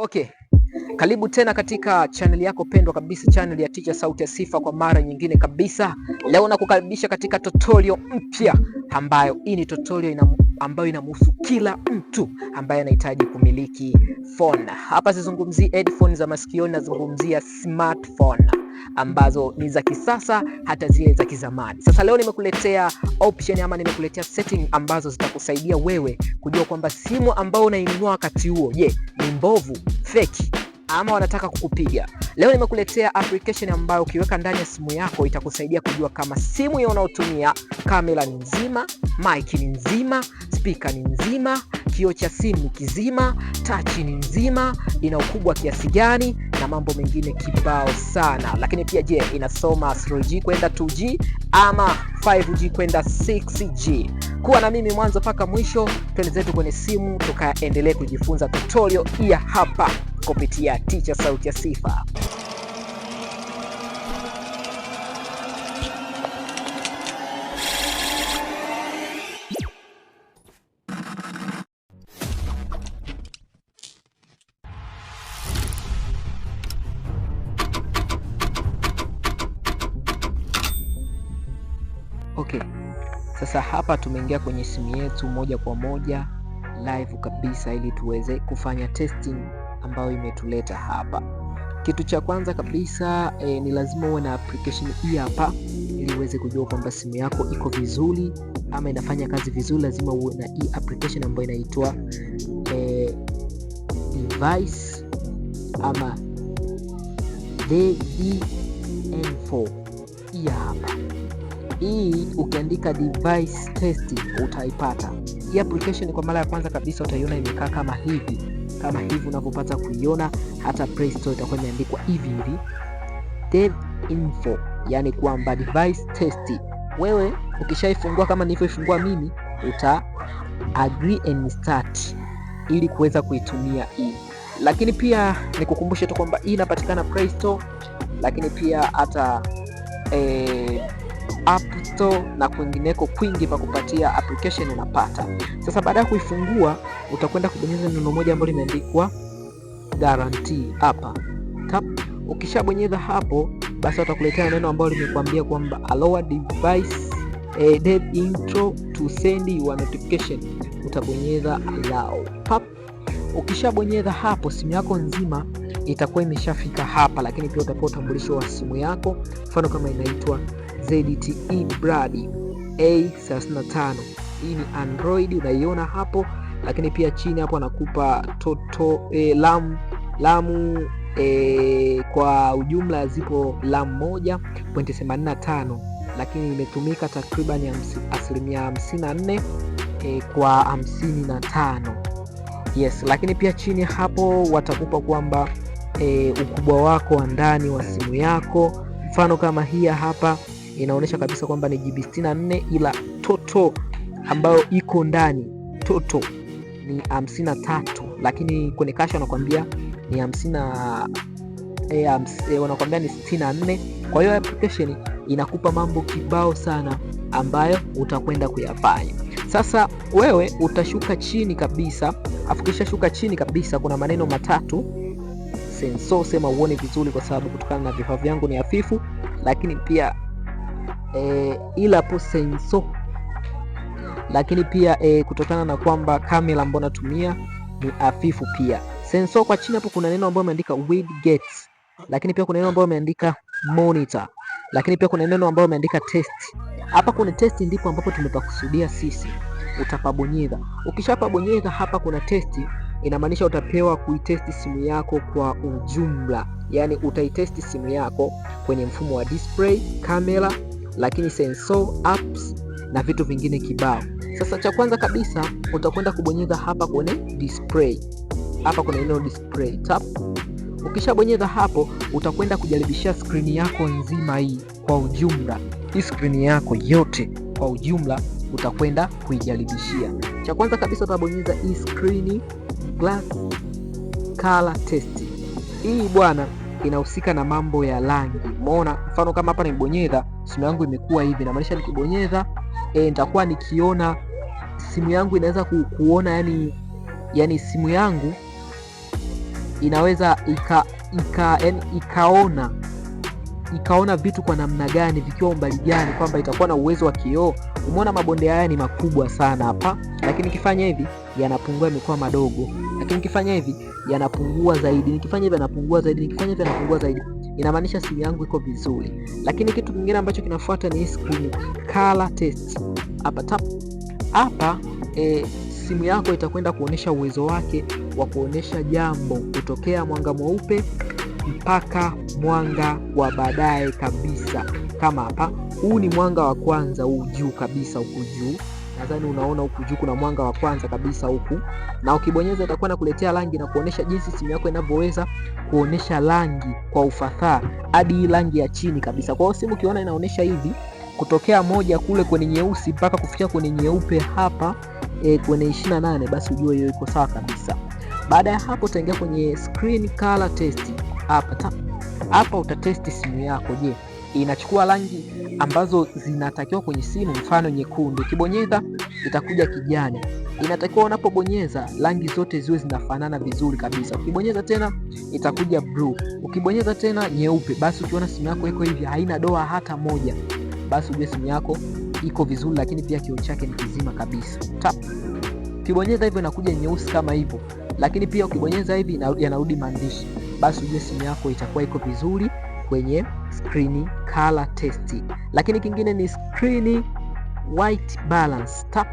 Okay. Karibu tena katika channel yako pendwa kabisa, channel ya Teacher Sauti ya Sifa. Kwa mara nyingine kabisa, leo nakukaribisha katika tutorial mpya ambayo hii ni tutorial ina ambayo inamhusu kila mtu ambaye anahitaji kumiliki phone. Hapa sizungumzii headphone za masikioni, nazungumzia smartphone ambazo ni za kisasa hata zile za kizamani. Sasa leo nimekuletea option ama nimekuletea setting ambazo zitakusaidia wewe kujua kwamba simu ambayo unainunua wakati huo, je, ni mbovu, feki ama wanataka kukupiga. Leo nimekuletea application ambayo ukiweka ndani ya simu yako itakusaidia kujua kama simu hiyo unaotumia kamera ni nzima, mic ni nzima, spika ni nzima, kioo cha simu ni kizima, tachi ni nzima, ina ukubwa kiasi gani na mambo mengine kibao sana. Lakini pia je, inasoma 3G kwenda 2G ama 5G kwenda 6G? Kuwa na mimi mwanzo mpaka mwisho, twende zetu kwenye simu tukaendelee kujifunza tutorial ya hapa kupitia Ticha Sauti ya Sifa. Okay. Sasa hapa tumeingia kwenye simu yetu moja kwa moja live kabisa ili tuweze kufanya testing ambayo imetuleta hapa. Kitu cha kwanza kabisa e, ni lazima uwe na application hii hapa ili uweze kujua kwamba simu yako iko vizuri ama inafanya kazi vizuri. Lazima uwe na hii application ambayo inaitwa e, device ama DVN4 e hii hapa hii ukiandika device test utaipata hii application. Kwa mara ya kwanza kabisa utaiona imekaa kama hivi kama hivi unavyopata kuiona, hata Play Store itakuwa imeandikwa hivi hivi dev info, yani kwamba device test. Wewe ukishaifungua kama nilivyoifungua mimi, uta agree and start ili kuweza kuitumia hii. Lakini pia nikukumbushe tu kwamba hii inapatikana Play Store, lakini pia hata eh, App Store na kwingineko kwingi pa kupatia application unapata. Sasa baada ya kuifungua utakwenda kubonyeza neno moja ambalo limeandikwa guarantee hapa. Tap Ukishabonyeza hapo basi watakuletea neno ambalo limekuambia kwamba allow device eh, dev intro to send you a notification. Utabonyeza allow. Tap Ukishabonyeza hapo simu yako nzima itakuwa imeshafika hapa, lakini pia utapewa utambulisho wa simu yako, mfano kama inaitwa ZTE brand A35. Hii e ni Android unaiona hapo, lakini pia chini hapo anakupa toto e, lam lamu e, kwa ujumla zipo lam moja pointi 85 lakini imetumika takriban asilimia 54 e, eh, kwa 55 yes, lakini pia chini hapo watakupa kwamba E, ukubwa wako wa ndani wa simu yako, mfano kama hii hapa inaonyesha kabisa kwamba ni GB 64 ila toto ambayo iko ndani toto ni 53, lakini kwenye kasha wanakuambia ni 50 eh, e, eh, wanakwambia ni 64. Kwa hiyo application inakupa mambo kibao sana ambayo utakwenda kuyafanya. Sasa wewe utashuka chini kabisa, afu kisha shuka chini kabisa, kuna maneno matatu sensor, sema uone vizuri, kwa sababu kutokana na vifaa vyangu ni hafifu, lakini pia e, ila po senso lakini pia e, kutokana na kwamba kamera ambayo natumia ni afifu pia. senso kwa chini hapo kuna neno ambayo imeandika wide gate, lakini pia kuna neno ambayo imeandika monitor, lakini pia kuna neno ambayo imeandika test. Hapa kuna test, ndipo ambapo tumepakusudia sisi, utapabonyeza. Ukishapabonyeza hapa kuna test inamaanisha utapewa kuitesti simu yako kwa ujumla, yaani utaitesti simu yako kwenye mfumo wa display, kamera lakini sensor apps na vitu vingine kibao. Sasa cha kwanza kabisa utakwenda kubonyeza hapa kwenye display, hapa kuna neno display tap. Ukishabonyeza hapo, utakwenda kujaribishia skrini yako nzima hii kwa ujumla, hii skrini yako yote kwa ujumla utakwenda kuijaribishia. Cha kwanza kabisa utabonyeza hii screen glass color test. Hii bwana inahusika na mambo ya rangi. Umeona mfano kama hapa nimebonyeza simu yangu imekuwa hivi, namaanisha nikibonyeza e, nitakuwa nikiona simu yangu inaweza ku, kuona yani, yani simu yangu inaweza ika, ika, yani, ikaona ikaona vitu kwa namna gani vikiwa umbali gani, kwamba itakuwa na uwezo wa kioo. Umeona, mabonde haya ni makubwa sana hapa, lakini kifanya hivi yanapungua, yamekuwa madogo, lakini nikifanya hivi yanapungua zaidi, nikifanya hivi yanapungua zaidi, nikifanya hivi yanapungua zaidi inamaanisha simu yangu iko vizuri. Lakini kitu kingine ambacho kinafuata ni screen color test. Hapa tap hapa e, simu yako itakwenda kuonyesha uwezo wake wa kuonyesha jambo kutokea mwanga mweupe mpaka mwanga wa baadaye kabisa. Kama hapa, huu ni mwanga wa kwanza, huu juu kabisa, huku juu nadhani unaona huku juu kuna mwanga wa kwanza kabisa huku, na ukibonyeza itakuwa nakuletea rangi na kuonesha jinsi simu yako inavyoweza kuonesha rangi kwa ufasaha hadi hii rangi ya chini kabisa. Kwa hiyo simu ukiona inaonesha hivi kutokea moja kule kwenye nyeusi mpaka kufikia kwenye nyeupe hapa e, kwenye 28 basi ujue hiyo iko sawa kabisa. Baada ya hapo utaingia kwenye screen color test hapa hapa, utatesti simu yako je inachukua rangi ambazo zinatakiwa kwenye simu, mfano nyekundu, ukibonyeza itakuja kijani. Inatakiwa unapobonyeza rangi zote ziwe zinafanana vizuri kabisa. Ukibonyeza tena itakuja blue, ukibonyeza tena nyeupe. Basi ukiona simu yako iko hivi, haina doa hata moja, basi ujue simu yako iko vizuri, lakini pia kioo chake ni kizima kabisa. Tap. Ukibonyeza hivyo inakuja nyeusi kama hivyo, lakini pia ukibonyeza hivi yanarudi maandishi, basi ujue simu yako itakuwa iko vizuri kwenye skrini color test. Lakini kingine ni screen white balance. Tap,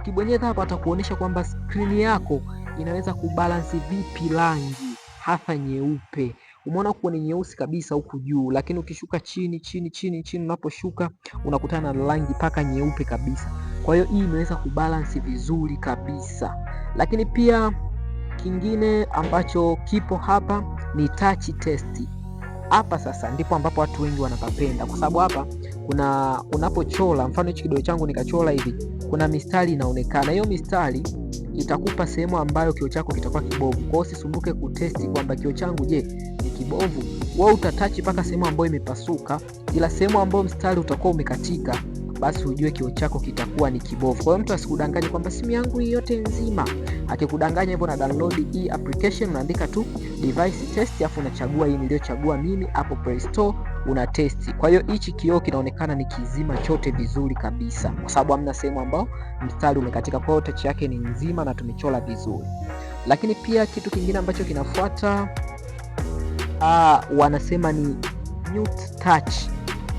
ukibonyeza hapa atakuonyesha kwamba screen yako inaweza kubalansi vipi rangi hasa nyeupe. Umeona kuwa ni nyeusi kabisa huku juu, lakini ukishuka chini chini chini chini, unaposhuka unakutana na rangi paka nyeupe kabisa. Kwa hiyo hii imeweza kubalansi vizuri kabisa, lakini pia kingine ambacho kipo hapa ni touch test. Hapa sasa ndipo ambapo watu wengi wanapapenda, kwa sababu hapa kuna unapochola mfano hichi kidole changu nikachola hivi, kuna mistari inaonekana. Hiyo mistari itakupa sehemu ambayo kio chako kitakuwa kibovu. Kwa hiyo usisumbuke kutesti kwamba kio changu je ni kibovu. Wewe utatachi mpaka sehemu ambayo imepasuka, ila sehemu ambayo mstari utakuwa umekatika basi ujue kio chako kitakuwa ni kibovu. Kwa hiyo mtu asikudanganye kwamba simu yangu hii yote nzima. Akikudanganya hivyo, na download hii application, unaandika tu device test, afu unachagua hii niliyochagua mimi hapo Play Store una testi. Kwa hiyo hichi kioo kinaonekana ni kizima chote vizuri kabisa, kwa sababu hamna sehemu ambao mstari umekatika. Kwa hiyo yake ni nzima na tumechora vizuri, lakini pia kitu kingine ambacho kinafuata ah, wanasema ni mute touch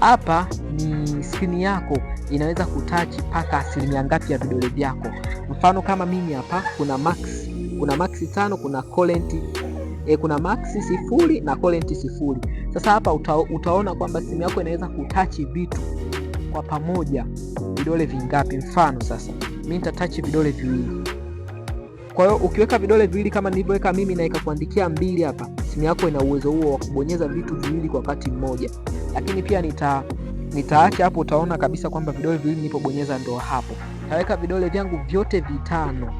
hapa ni skrini yako inaweza kutachi mpaka asilimia ngapi ya vidole vyako. Mfano kama mimi hapa kuna max, kuna max tano, kuna current E, eh, kuna max sifuri na current sifuri. Sasa hapa uta, utaona kwamba simu yako inaweza kutachi vitu kwa pamoja vidole vingapi. Mfano sasa mimi nitatachi vidole viwili, kwa hiyo ukiweka vidole viwili kama nilivyoweka mimi na ikakuandikia mbili hapa simu yako ina uwezo huo wa kubonyeza vitu viwili kwa wakati mmoja, lakini pia nita nitaacha hapo. Utaona kabisa kwamba vidole viwili nilipobonyeza ndo hapo. Naweka vidole vyangu vyote vitano,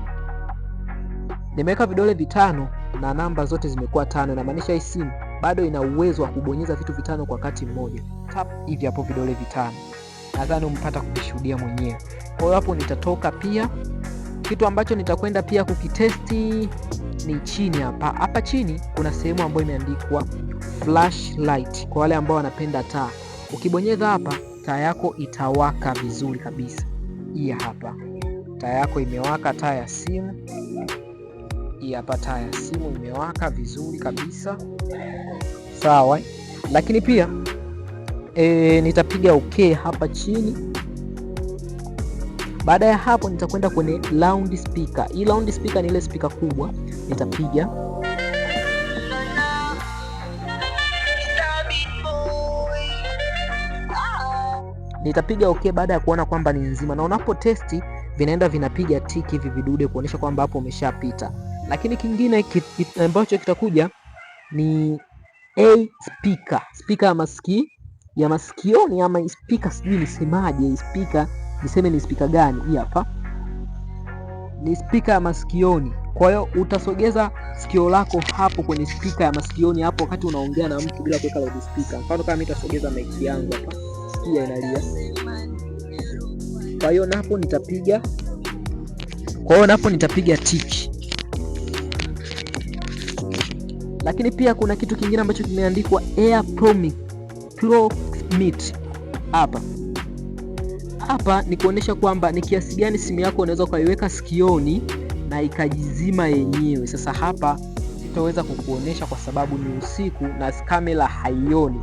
nimeweka vidole vitano na namba zote zimekuwa tano. Inamaanisha hii simu bado ina uwezo wa kubonyeza vitu vitano kwa wakati mmoja. Tap hivi hapo vidole vitano, nadhani umpata kuvishuhudia mwenyewe. Kwa hiyo hapo nitatoka pia, kitu ambacho nitakwenda pia kukitesti ni chini hapa. Hapa chini kuna sehemu ambayo imeandikwa flashlight kwa wale ambao wanapenda taa. Ukibonyeza hapa, taa yako itawaka vizuri kabisa. Hii hapa taa yako imewaka, taa ya simu hii hapa, taa ya simu imewaka vizuri kabisa, sawa. Lakini pia e, nitapiga ok hapa chini baada ya hapo, nitakwenda kwenye loud speaker. Hii loud speaker ni ile speaker kubwa, nitapiga nitapiga okay, baada ya kuona kwamba ni nzima, na unapo testi vinaenda vinapiga tiki hivi vidude kuonyesha kwamba hapo umeshapita. Lakini kingine kit, ambacho kitakuja ni a speaker, speaker ya masikio ya masikioni ama speaker, sijui nisemaje speaker niseme ni spika gani. Hii hapa ni spika ya masikioni. Kwa hiyo utasogeza sikio lako hapo kwenye spika ya masikioni hapo, wakati unaongea na mtu bila kuweka loudspeaker. Mfano kama mimi nitasogeza mic yangu hapa, sikia inalia. Kwa hiyo napo nitapiga, kwa hiyo napo nitapiga tiki. Lakini pia kuna kitu kingine ambacho kimeandikwa Air Pro Mix hapa hapa ni kuonesha kwamba ni kiasi gani simu yako unaweza ukaiweka sikioni na ikajizima yenyewe. Sasa hapa sitaweza kukuonesha kwa sababu ni usiku na kamera haioni,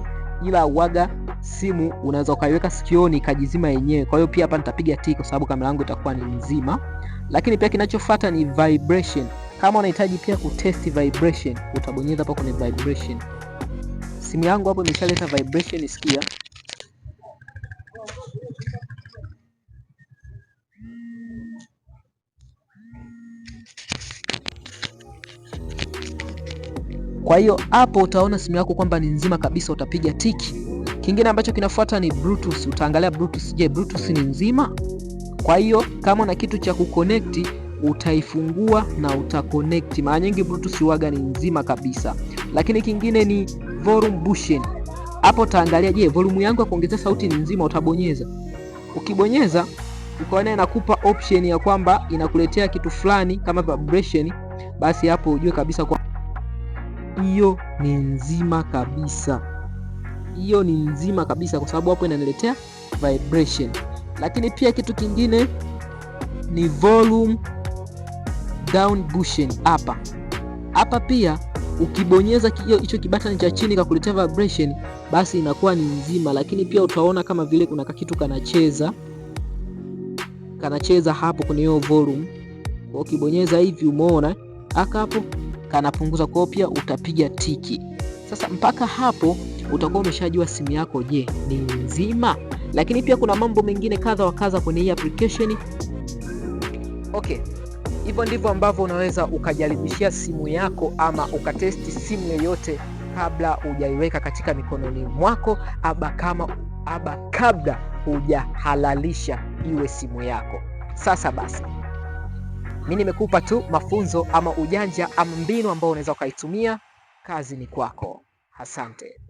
ila uwaga simu unaweza ukaiweka sikioni ikajizima yenyewe. Kwa hiyo pia hapa nitapiga tiki kwa sababu kamera yangu itakuwa ni nzima, lakini pia kinachofuata ni vibration. Kama unahitaji pia kutest vibration, utabonyeza hapa kwenye vibration. Simu yangu hapo imeshaleta vibration, sikia. Kwa hiyo hapo utaona simu yako kwamba ni nzima kabisa, utapiga tiki. Kingine ambacho kinafuata ni Bluetooth. Utaangalia Bluetooth, je, Bluetooth ni nzima? Kwa hiyo kama na kitu cha kuconnect utaifungua na utaconnect. Mara nyingi Bluetooth huaga ni nzima kabisa, lakini kingine ni volume button. Hapo utaangalia, je, volume yangu ya kuongezea sauti ni nzima? Utabonyeza. Ukibonyeza ukaona inakupa option ya kwamba inakuletea kitu fulani kama vibration, basi hapo ujue kabisa kwa hiyo ni nzima kabisa, hiyo ni nzima kabisa, kwa sababu hapo inaniletea vibration. Lakini pia kitu kingine ni volume down cushion hapa hapa pia ukibonyeza hicho kibatani cha chini kakuletea vibration, basi inakuwa ni nzima. Lakini pia utaona kama vile kuna kitu kanacheza kanacheza hapo kwenye hiyo volume, kwa ukibonyeza hivi, umeona aka hapo kanapunguza. Kwa hiyo pia utapiga tiki. Sasa mpaka hapo utakuwa umeshajua simu yako, je, ni nzima? Lakini pia kuna mambo mengine kadha wa kadha kwenye hii application. Okay, hivyo ndivyo ambavyo unaweza ukajaribishia simu yako ama ukatesti simu yoyote kabla hujaiweka katika mikononi mwako aba kama aba kabla hujahalalisha iwe simu yako. Sasa basi mi nimekupa tu mafunzo ama ujanja ama mbinu ambao unaweza ukaitumia. Kazi ni kwako. Asante.